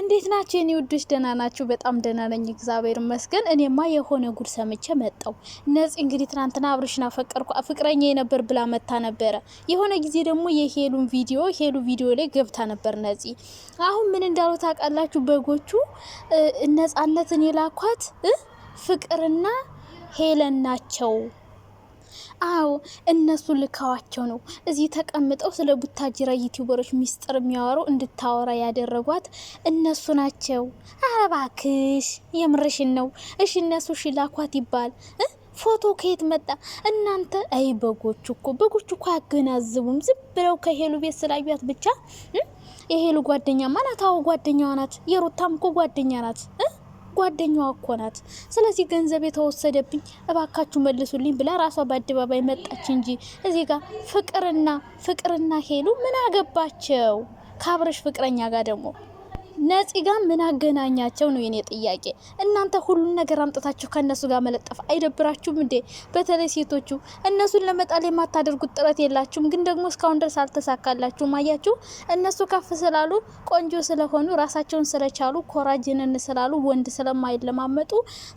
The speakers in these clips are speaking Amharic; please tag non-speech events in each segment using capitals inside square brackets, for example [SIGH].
እንዴት ናቸው የኔ ውዶች? ደህና ናችሁ? በጣም ደህና ነኝ እግዚአብሔር ይመስገን። እኔማ የሆነ ጉድ ሰምቼ መጣው። ነፂ እንግዲህ ትናንትና አብርሽን አፈቀርኩ ፍቅረኛ የነበር ብላ መታ ነበረ። የሆነ ጊዜ ደግሞ የሄሉን ቪዲዮ ሄሉ ቪዲዮ ላይ ገብታ ነበር ነፂ። አሁን ምን እንዳሉ ታውቃላችሁ? በጎቹ ነፃነትን የላኳት ፍቅርና ሄለን ናቸው አዎ እነሱ ልካዋቸው ነው እዚህ ተቀምጠው ስለ ቡታጅራ ዩቲዩበሮች ሚስጥር የሚያወሩ እንድታወራ ያደረጓት እነሱ ናቸው። አረ እባክሽ የምርሽን ነው? እሺ እነሱ ሽላኳት ይባል ፎቶ ከየት መጣ? እናንተ አይ በጎች እኮ በጎች እኮ አያገናዝቡም። ዝም ብለው ከሄሉ ቤት ስላዩት ብቻ የሄሉ ጓደኛ ናት። አዎ ጓደኛዋ ናት። የሩታም እኮ ጓደኛ ናት። ጓደኛዋ እኮ ናት። ስለዚህ ገንዘብ የተወሰደብኝ እባካችሁ መልሱልኝ ብላ ራሷ በአደባባይ መጣች እንጂ እዚህ ጋር ፍቅርና ፍቅርና ሄሉ ምን አገባቸው? ከአብረሽ ፍቅረኛ ጋር ደግሞ ነፂ ጋር ምን አገናኛቸው ነው የኔ ጥያቄ። እናንተ ሁሉን ነገር አምጥታችሁ ከእነሱ ጋር መለጠፍ አይደብራችሁም እንዴ? በተለይ ሴቶቹ እነሱን ለመጣል የማታደርጉት ጥረት የላችሁም፣ ግን ደግሞ እስካሁን ድረስ አልተሳካላችሁም። አያችሁ፣ እነሱ ከፍ ስላሉ ቆንጆ ስለሆኑ ራሳቸውን ስለቻሉ ኮራጅንን ስላሉ ወንድ ስለማይለማመጡ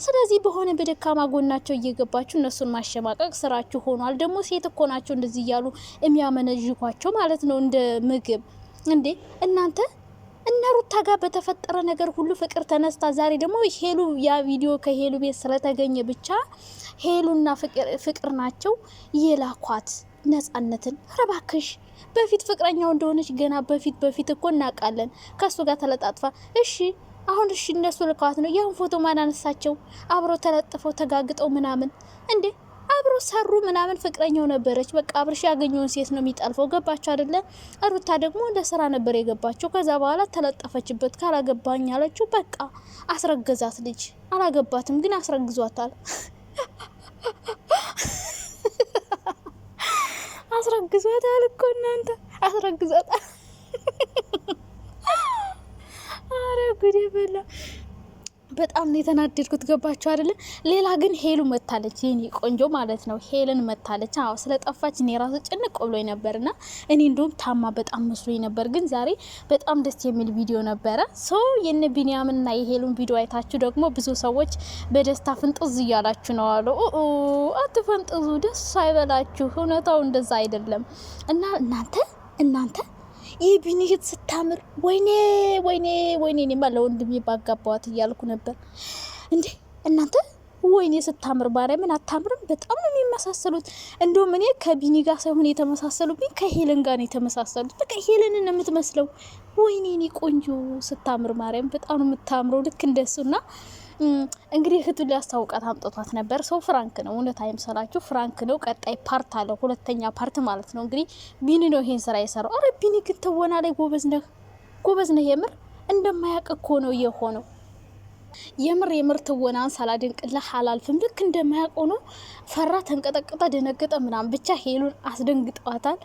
ስለዚህ በሆነ በደካማ ጎናቸው እየገባችሁ እነሱን ማሸማቀቅ ስራችሁ ሆኗል። ደግሞ ሴት እኮ ናቸው እንደዚህ እያሉ የሚያመነዥኳቸው ማለት ነው እንደ ምግብ እንዴ እናንተ እና ሩታ ጋር በተፈጠረ ነገር ሁሉ ፍቅር ተነስታ ዛሬ ደግሞ ሄሉ ያ ቪዲዮ ከሄሉ ቤት ስለተገኘ ብቻ ሄሉና ፍቅር ናቸው የላኳት ነጻነትን። ረባክሽ በፊት ፍቅረኛው እንደሆነች ገና በፊት በፊት እኮ እናውቃለን። ከእሱ ጋር ተለጣጥፋ እሺ አሁን እሺ እነሱ ልከዋት ነው። ያን ፎቶ ማን አነሳቸው? አብረው ተለጥፈው ተጋግጠው ምናምን እንዴ አብሮ ሰሩ ምናምን ፍቅረኛው ነበረች። በቃ አብርሽ ያገኘውን ሴት ነው የሚጠልፈው። ገባቸው አደለ? ሩታ ደግሞ ለስራ ነበር የገባቸው። ከዛ በኋላ ተለጠፈችበት። ካላገባኝ አለችው። በቃ አስረገዛት። ልጅ አላገባትም፣ ግን አስረግዟታል። [LAUGHS] አስረግዟታል እኮ እናንተ አስረግዟታል። [LAUGHS] አረ ጉዴ በላ በጣም ነው የተናደድኩት። ገባችሁ አይደለ? ሌላ ግን ሄሉ መታለች፣ የኔ ቆንጆ ማለት ነው። ሄልን መታለች። አዎ ስለጠፋች እኔ ራሱ ጭንቅ ብሎኝ ነበር እና እኔ እንዲሁም ታማ በጣም መስሎኝ ነበር። ግን ዛሬ በጣም ደስ የሚል ቪዲዮ ነበረ። ሶ የነ ቢንያምንና የሄሉን ቪዲዮ አይታችሁ ደግሞ ብዙ ሰዎች በደስታ ፍንጥዝ እያላችሁ ነው አሉ። አትፈንጥዙ፣ ደስ አይበላችሁ። እውነታው እንደዛ አይደለም እና እናንተ እናንተ ይህ ቢኒሽት ስታምር ወይኔ ወይኔ ወይኔ እኔማ ለወንድሜ ባጋባዋት እያልኩ ነበር። እንዴ እናንተ ወይኔ ስታምር ማርያምን አታምርም? በጣም ነው የሚመሳሰሉት። እንደውም እኔ ከቢኒ ጋር ሳይሆን የተመሳሰሉብኝ ከሄለን ጋር ነው የተመሳሰሉት። በቃ ሄለንን የምትመስለው ወይኔ እኔ ቆንጆ ስታምር ማርያም በጣም ነው የምታምረው ልክ እንደሱና እንግዲህ እህቱን ሊያስታውቃት አምጥቷት ነበር። ሰው ፍራንክ ነው፣ እውነት አይምሰላችሁ፣ ፍራንክ ነው። ቀጣይ ፓርት አለው፣ ሁለተኛ ፓርት ማለት ነው። እንግዲህ ቢኒ ነው ይሄን ስራ የሰራው። አረ ቢኒ ግን ትወና ላይ ጎበዝ ነህ፣ ጎበዝ ነህ። የምር እንደማያውቅ እኮ ነው የሆነው የምር የምር ትወናን ሳላደንቅልህ አላልፍም። ልክ እንደማያውቅ ነው። ፈራ፣ ተንቀጠቀጠ፣ ደነገጠ ምናምን ብቻ ሄሉን አስደንግጠዋታል።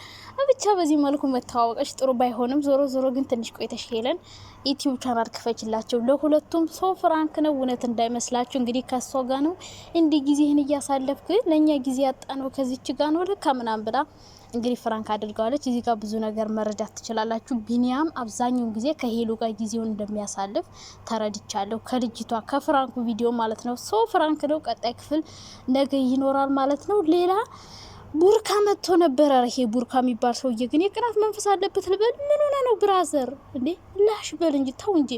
ብቻ በዚህ መልኩ መተዋወቀች ጥሩ ባይሆንም ዞሮ ዞሮ ግን ትንሽ ቆይተሽ ሄለን ዩቲዩብ ቻናል ክፈችላቸው ለሁለቱም። ሰው ፍራንክ ነው እውነት እንዳይመስላችሁ። እንግዲህ ከሷ ጋ ነው እንዲህ ጊዜህን እያሳለፍክ ለእኛ ጊዜ ያጣ ነው ከዚች ጋ ነው ልካ ምናምን ብላ እንግዲህ ፍራንክ አድርገዋለች። እዚህ ጋር ብዙ ነገር መረዳት ትችላላችሁ። ቢኒያም አብዛኛውን ጊዜ ከሄሉ ጋር ጊዜውን እንደሚያሳልፍ ተረድቻለሁ። ከልጅ ዝግጅቷ ከፍራንኩ ቪዲዮ ማለት ነው። ሶ ፍራንክ ነው። ቀጣይ ክፍል ነገ ይኖራል ማለት ነው። ሌላ ቡርካ መጥቶ ነበረ። ይሄ ቡርካ የሚባል ሰውዬ ግን የቅናት መንፈስ አለበት ልበል? ምን ሆነ ነው ብራዘር? እንዴ ላሽ በል እንጂ ተው እንጂ።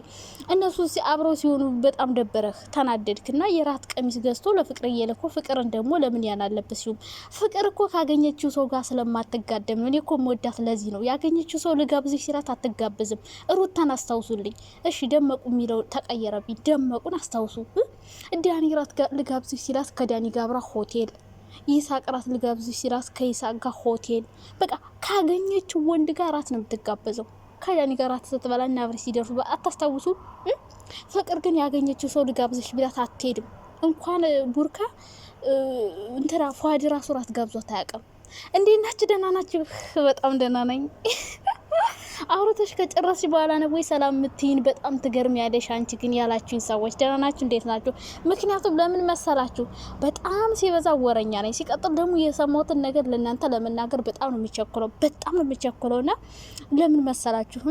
እነሱ ሲ አብረው ሲሆኑ በጣም ደበረህ፣ ተናደድክ ና የራት ቀሚስ ገዝቶ ለፍቅር እየለኮ ፍቅርን ደግሞ ለምን ያን አለበት ሲሁም ፍቅር እኮ ካገኘችው ሰው ጋር ስለማትጋደም ነው። እኔ እኮ መወዳት ለዚህ ነው። ያገኘችው ሰው ልጋብዝሽ ሲላት አትጋብዝም። ሩታን አስታውሱልኝ እሺ። ደመቁ የሚለው ተቀየረብኝ። ደመቁን አስታውሱ። ዳኒ ራት ልጋብዝሽ ሲላት ከዳኒ ጋብራ ሆቴል ይሳቅ ራት ልጋብዝሽ ሲራስ ከይሳቅ ጋር ሆቴል በቃ ካገኘችው ወንድ ጋር ራት ነው የምትጋበዘው። ከዳኒ ጋር ራት ስትበላ እና አብረሽ ሲደርሱ አታስታውሱ። ፍቅር ግን ያገኘችው ሰው ልጋብዝሽ ብላት አትሄድም። እንኳን ቡርካ እንትና ፏድ ራሱ ራት ጋብዞ ታያቅም። እንዴት ናችሁ? ደህና ናችሁ? በጣም ደህና ነኝ። አውርተሽ ከጨረስሽ በኋላ ነው ወይ ሰላም የምትይን? በጣም ትገርም ትገርሚያለሽ። አንቺ ግን ያላችሁኝ ሰዎች ደህና ናችሁ? እንዴት ናችሁ? ምክንያቱም ለምን መሰላችሁ በጣም ሲበዛ ወረኛ ነኝ። ሲቀጥል ደግሞ የሰማሁትን ነገር ለእናንተ ለመናገር በጣም ነው የሚቸኩለው፣ በጣም ነው የሚቸኩለው ና ለምን መሰላችሁ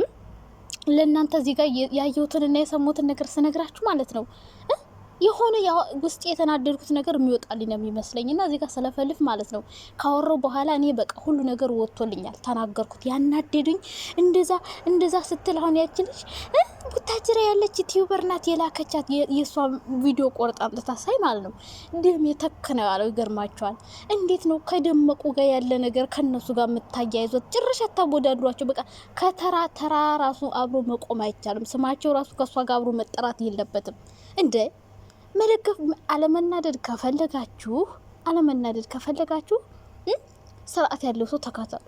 ለእናንተ እዚህ ጋር ያየሁትንና የሰማሁትን ነገር ስነግራችሁ ማለት ነው የሆነ ውስጥ የተናደድኩት ነገር የሚወጣልኝ ነው የሚመስለኝ እና እዚህ ጋር ስለፈልፍ ማለት ነው ካወራው በኋላ እኔ በቃ ሁሉ ነገር ወጥቶልኛል። ተናገርኩት ያናደዱኝ እንደዛ እንደዛ ስትል አሁን ያችን ልጅ ቡታጅራ ያለች ዩቲዩበር ናት የላከቻት የእሷ ቪዲዮ ቆርጣ አምጥታ ሳይ ማለት ነው ደም የተክ ነው ያለው። ይገርማቸዋል። እንዴት ነው ከደመቁ ጋር ያለ ነገር ከነሱ ጋር የምታያይዞት? ጭራሽ አታወዳድሯቸው። በቃ ከተራ ተራ ራሱ አብሮ መቆም አይቻልም። ስማቸው ራሱ ከእሷ ጋር አብሮ መጠራት የለበትም እንደ መደገፍ አለመናደድ ከፈለጋችሁ አለመናደድ ከፈለጋችሁ ስርዓት ያለው ሰው ተካተሉ።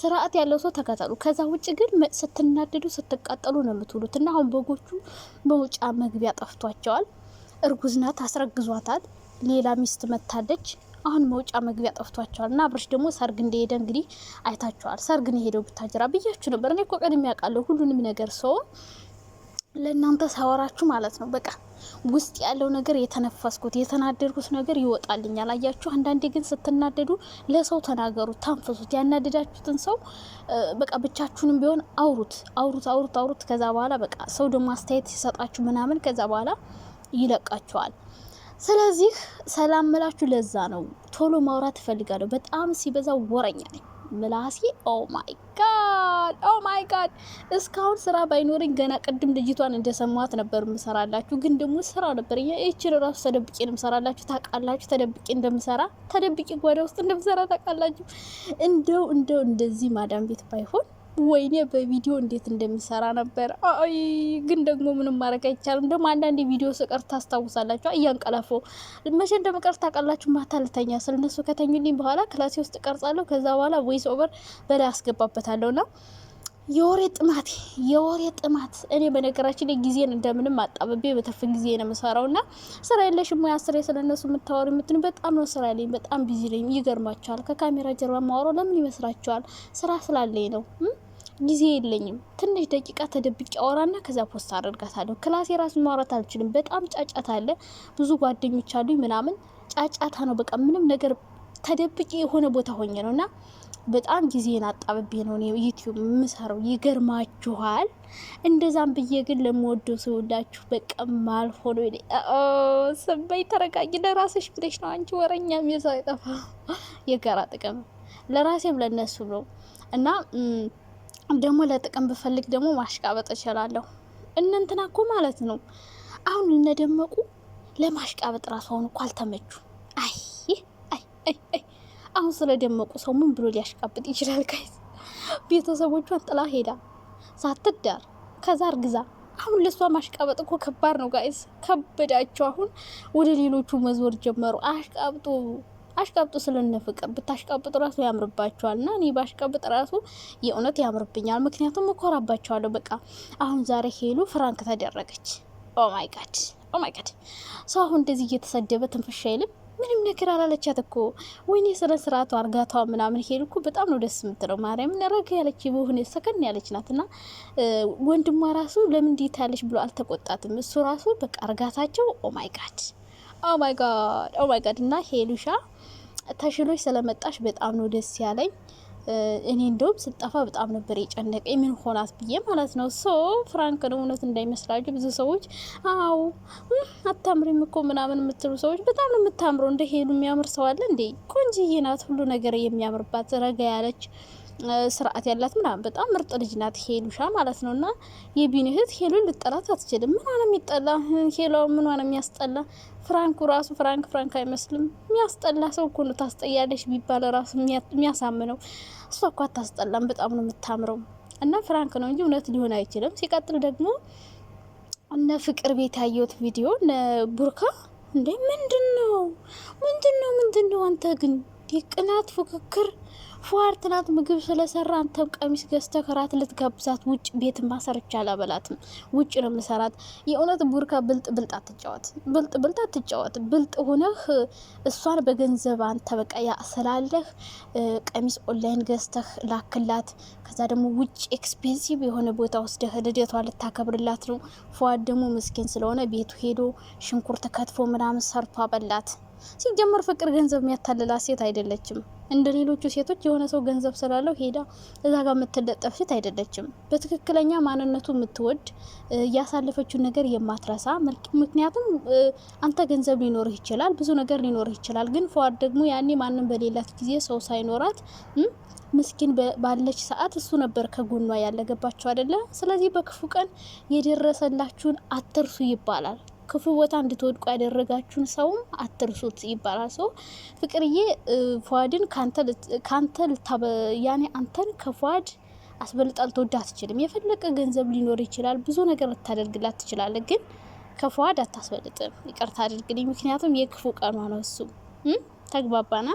ስርዓት ያለው ሰው ተካተሉ። ከዛ ውጭ ግን ስትናደዱ ስትቃጠሉ ነው የምትውሉት። እና አሁን በጎቹ መውጫ መግቢያ ጠፍቷቸዋል። እርጉዝ ናት፣ አስረግዟታል። ሌላ ሚስት መታለች። አሁን መውጫ መግቢያ ጠፍቷቸዋል። እና አብርሽ ደግሞ ሰርግ እንደሄደ እንግዲህ አይታችኋል። ሰርግ ነው የሄደው። ብታጀራ ብያችሁ ነበር። እኔ እኮ ቀድሜ ያውቃለሁ ሁሉንም ነገር ሰው ለእናንተ ሳወራችሁ ማለት ነው በቃ ውስጥ ያለው ነገር የተነፈስኩት የተናደድኩት ነገር ይወጣልኛል። አያችሁ፣ አንዳንዴ ግን ስትናደዱ ለሰው ተናገሩት፣ ታንፈሱት። ያናደዳችሁትን ሰው በቃ ብቻችሁንም ቢሆን አውሩት አውሩት አውሩት አውሩት። ከዛ በኋላ በቃ ሰው ደግሞ አስተያየት ሲሰጣችሁ ምናምን ከዛ በኋላ ይለቃቸዋል። ስለዚህ ሰላም ምላችሁ ለዛ ነው ቶሎ ማውራት እፈልጋለሁ። በጣም ሲበዛ ወረኛ ነኝ። ምላሴ ኦ ማይ ጋድ ኦ ማይ ጋድ! እስካሁን ስራ ባይኖረኝ ገና ቅድም ልጅቷን እንደሰማት ነበር ምሰራላችሁ፣ ግን ደግሞ ስራ ነበር ይችን ራሱ ተደብቄ ነው ምሰራላችሁ። ታውቃላችሁ፣ ተደብቄ እንደምሰራ ተደብቄ ጓዳ ውስጥ እንደምሰራ ታውቃላችሁ። እንደው እንደው እንደዚህ ማዳም ቤት ባይሆን ወይኔ በቪዲዮ እንዴት እንደሚሰራ ነበር። አይ ግን ደግሞ ምንም ማድረግ አይቻልም። ደግሞ አንዳንድ ቪዲዮ ስቀር ታስታውሳላችሁ፣ እያንቀላፈው መቼ እንደምቀር ታውቃላችሁ። ማታ ልተኛ ስል እነሱ ከተኙልኝ በኋላ ክላሴ ውስጥ ቀርጻለሁ። ከዛ በኋላ ቮይስ ኦቨር በላይ አስገባበታለሁ ና የወሬ ጥማት የወሬ ጥማት። እኔ በነገራችን ላይ ጊዜን እንደምንም አጣበቤ በተፍ ጊዜ ነው የምሰራው እና ስራ የለሽ ሙያ ስራ ስለነሱ የምታወሩ የምትን በጣም ነው ስራ ያለኝ። በጣም ቢዚ ነኝ። ይገርማቸዋል። ከካሜራ ጀርባ ማወራው ለምን ይመስላቸዋል? ስራ ስላለኝ ነው። ጊዜ የለኝም። ትንሽ ደቂቃ ተደብቄ አወራና ከዛ ፖስት አደርጋታለሁ። ክላሴ ራሱ ማውራት አልችልም። በጣም ጫጫታ አለ። ብዙ ጓደኞች አሉኝ ምናምን ጫጫታ ነው። በቃ ምንም ነገር ተደብቄ የሆነ ቦታ ሆኜ ነው እና በጣም ጊዜን አጣብቤ ነው እኔ ዩቲዩብ የምሰራው ይገርማችኋል። እንደዛም ብዬ ግን ለምወደው ሰውላችሁ ሁላችሁ በቃ ማልፎ ነው ስበይ ተረጋጊ፣ ለራስሽ ብለሽ ነው አንቺ ወረኛ ሚዛ ይጠፋ የጋራ ጥቅም ለራሴም ለነሱ ነው እና ደግሞ ለጥቅም ብፈልግ ደግሞ ማሽቃበጥ እችላለሁ። እነንትና እኮ ማለት ነው አሁን እነደመቁ ለማሽቃበጥ ራሱ አሁን እኮ አልተመቹ። አይ አይ አይ አሁን ስለደመቁ ሰው ምን ብሎ ሊያሽቃብጥ ይችላል? ጋይስ ቤተሰቦቿን ጥላ ሄዳ ሳትዳር ከዛ እርግዛ አሁን ለእሷ ማሽቃበጥ እኮ ከባድ ነው ጋይስ፣ ከበዳቸው። አሁን ወደ ሌሎቹ መዞር ጀመሩ። አሽቃብጡ አሽቃብጡ ስለነ ፍቅር ብታሽቃብጡ ራሱ ያምርባቸዋል። እና እኔ ባሽቃብጥ ራሱ የእውነት ያምርብኛል፣ ምክንያቱም እኮራባቸዋለሁ። በቃ አሁን ዛሬ ሄሉ ፍራንክ ተደረገች። ኦማይጋድ oh ኦማይጋድ! Oh ሰው አሁን እንደዚህ እየተሰደበ ትንፍሻ አይልም። ምንም ነገር አላለቻት እኮ ወይኔ፣ ስነ ስርዓቱ አርጋቷ ምናምን ሄድ እኮ በጣም ነው ደስ የምትለው። ማርያምን ረጋ ያለች በሆነ ሰከን ያለች ናት። እና ወንድሟ ራሱ ለምን እንዴት ያለች ብሎ አልተቆጣትም። እሱ ራሱ በቃ እርጋታቸው ኦማይ ጋድ ኦማይ ጋድ ኦማይ ጋድ። እና ሄሉሻ ተሽሎች ስለመጣሽ በጣም ነው ደስ ያለኝ። እኔ እንደውም ስጠፋ በጣም ነበር የጨነቀ ምን ሆናት ብዬ ማለት ነው። ሶ ፍራንክ ነው እውነት እንዳይመስላችሁ ብዙ ሰዎች አዎ አታምሪም እኮ ምናምን የምትሉ ሰዎች በጣም ነው የምታምረው። እንደ ሄሉ የሚያምር ሰው አለ እንዴ? ቆንጅዬ ናት፣ ሁሉ ነገር የሚያምርባት ረጋ ያለች ስርዓት ያላት ምናምን በጣም ምርጥ ልጅ ናት ሄሉሻ ማለት ነው። እና የቢኒ እህት ሄሉን ልጠላት አትችልም። ምን ሆነ የሚጠላ ሄሏ ምን ሆነ የሚያስጠላ ፍራንኩ ራሱ ፍራንክ ፍራንክ አይመስልም። የሚያስጠላ ሰው እኮ ነው ታስጠያለሽ ቢባል ራሱ የሚያሳምነው። እሷ እኮ አታስጠላም፣ በጣም ነው የምታምረው። እና ፍራንክ ነው እንጂ እውነት ሊሆን አይችልም። ሲቀጥል ደግሞ እነ ፍቅር ቤት ያየሁት ቪዲዮ እነ ቡርካ እንዴ ምንድን ነው ምንድን ነው ምንድን ነው አንተ ግን የቅናት ፉክክር ፏር ትናት ምግብ ስለሰራ አንተም ቀሚስ ገዝተህ ከራት ልትጋብዛት ውጭ ቤት ማሰርቻ አላበላትም። ውጭ ነው የምሰራት። የእውነት ቡርካ ብልጥ ብልጥ አትጫወት፣ ብልጥ ብልጥ አትጫወት። ብልጥ ሆነህ እሷን በገንዘብ አንተ በቃ ያ ስላለህ ቀሚስ ኦንላይን ገዝተህ ላክላት። ከዛ ደግሞ ውጭ ኤክስፔንሲቭ የሆነ ቦታ ወስደህ ልደቷ ልታከብርላት ነው። ፏር ደግሞ ምስኪን ስለሆነ ቤቱ ሄዶ ሽንኩርት ከትፎ ምናምን ሰርቶ አበላት። ሲጀመር ፍቅር ገንዘብ የሚያታልላት ሴት አይደለችም። እንደ ሌሎቹ ሴቶች የሆነ ሰው ገንዘብ ስላለው ሄዳ እዛ ጋር የምትለጠፍ ሴት አይደለችም። በትክክለኛ ማንነቱ የምትወድ ያሳለፈችውን ነገር የማትረሳ ምክንያቱም አንተ ገንዘብ ሊኖርህ ይችላል፣ ብዙ ነገር ሊኖርህ ይችላል። ግን ፈዋድ ደግሞ ያኔ ማንም በሌላት ጊዜ ሰው ሳይኖራት ምስኪን ባለች ሰዓት እሱ ነበር ከጎኗ ያለገባቸው ገባችሁ አይደለ? ስለዚህ በክፉ ቀን የደረሰላችሁን አትርሱ ይባላል። ክፉ ቦታ እንድትወድቁ ያደረጋችሁን ሰውም አትርሱት ይባላል። ሰው ፍቅርዬ ፏድን ከአንተ ያኔ አንተን ከፏድ አስበልጣ ልትወዳ አትችልም። የፈለቀ ገንዘብ ሊኖር ይችላል፣ ብዙ ነገር ልታደርግላት ትችላለህ፣ ግን ከፏድ አታስበልጥም። ይቅርታ አድርግልኝ፣ ምክንያቱም የክፉ ቀኗ ነው እሱ። ተግባባና